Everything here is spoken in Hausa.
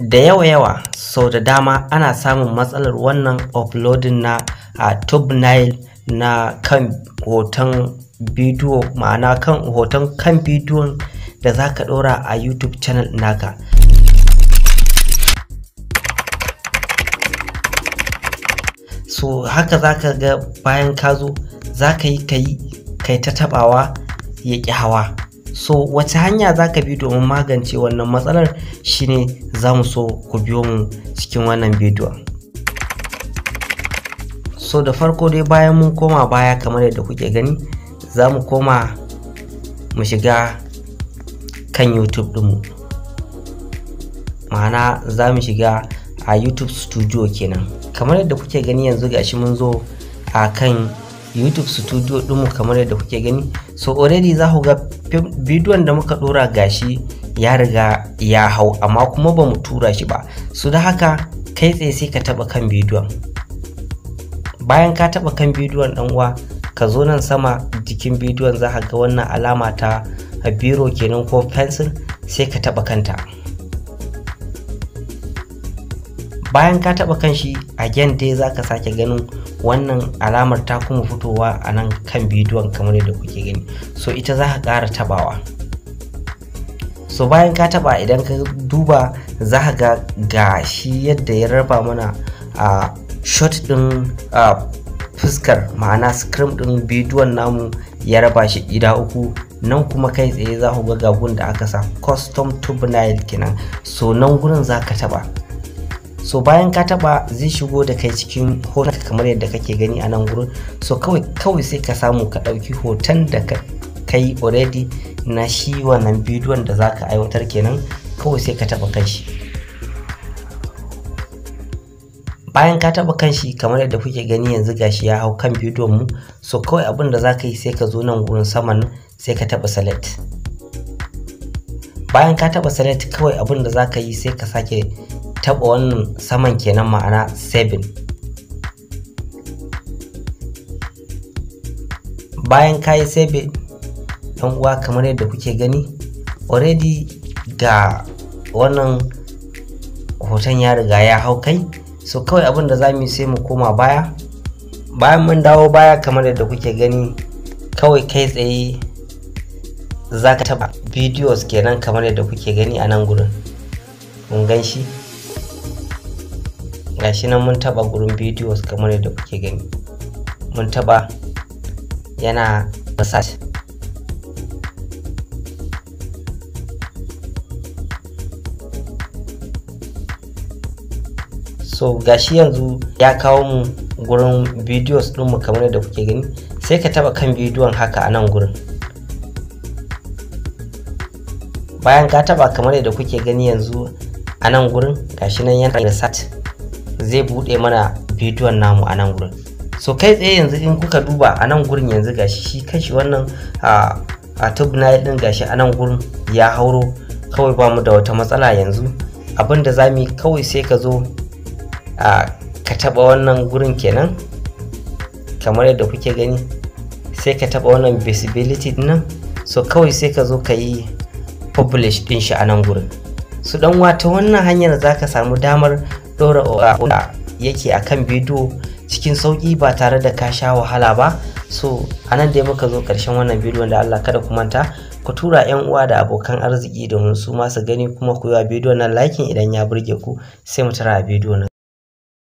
da yawa-yawa sau da dama ana samun matsalar wannan uploading na a thumbnail na kan hoton bidiyo ma'ana kan hoton kan bidiyon da za ka ɗora a youtube channel naka so haka za ka ga bayan ka zo za ka yi ka yi kai ta taɓawa ya ƙi hawa so wace hanya za ka bi domin magance wannan matsalar shine za mu so ku biyo mu cikin wannan bidiyon so da farko dai bayan mun koma baya kamar yadda kuke gani za mu koma mu shiga kan youtube dinmu ma'ana za mu shiga a youtube studio kenan kamar yadda kuke gani yanzu gashi mun zo a kan youtube studio ɗinmu kamar yadda kuke gani so already za ku ga bidiyon da muka ɗora gashi ya riga ya hau amma kuma bamu tura shi ba so da haka kai tsaye sai ka taɓa kan bidiyon bayan ka taɓa kan bidiyon ɗan uwa ka zo nan sama jikin bidiyon za ka ga wannan alama ta biro kenan ko pencil sai ka taɓa kanta bayan ka taɓa kan shi again dai za ka sake ganin wannan alamar ta kuma fitowa a nan kan bidiyon kamar yadda kuke gani so ita za ka ƙara tabawa so bayan ka taba idan ka duba za ka ga gashi yadda ya raba mana a shot din fuskar ma'ana scrim din bidiyon namu ya raba shi gida uku nan kuma kai tsaye za ku ga gagun da aka sa custom tubnail kenan so nan gurin za ka taba so bayan ka taba zai shigo da kai cikin hoton kamar yadda kake gani a nan gurin so kawai kawai sai ka samu ka ɗauki hoton da ka kai already na shi wannan bidiyon da zaka aiwatar kenan kawai sai ka taba kan shi bayan ka taba kan shi kamar yadda kuke gani yanzu gashi ya hau kan bidiyon mu so kawai abin da zaka yi sai ka zo nan gurin saman sai ka taba select bayan ka taba select kawai abin da zaka yi sai ka sake taɓa wannan saman kenan ma'ana 7 bayan kayi 7 yan uwa kamar yadda kuke gani already ga wannan hoton ya riga ya hau kai so kawai abin da za mu sai mu koma baya bayan mun dawo baya kamar yadda kuke gani kawai kai tsaye za ka taɓa videos kenan kamar yadda kuke gani a nan gurin kun gan shi gashi nan mun taba gurin videos kamar yadda kuke gani mun taba yana massage so gashi yanzu ya kawo mu gurin videos mu kamar yadda kuke gani sai ka taba kan bidiyon haka a nan gurin bayan ka taba kamar yadda kuke gani yanzu a nan gurin gashi nan yana sat. zai buɗe mana bidiyon namu a nan gurin so kai tsaye yanzu in kuka duba a nan gurin yanzu gashi shi kashi wannan a na din gashi a nan gurin ya hauro kawai ba mu da wata matsala yanzu abinda za mu kawai sai ka zo ka taɓa wannan gurin kenan kamar yadda kuke gani sai ka taɓa wannan visibility nan so kawai sai ka zo ka yi publish din shi a nan gurin su dan wata wannan hanyar za ka samu damar ɗora oda yake a kan bidiyo cikin sauƙi ba tare da ka sha wahala ba so a nan dai muka zo ƙarshen wannan bidiyo da Allah kada ku manta ku tura 'yan uwa da abokan arziki domin su masu gani kuma ku yi wa bidiyon nan liking idan ya burge ku sai mu tara a bidiyo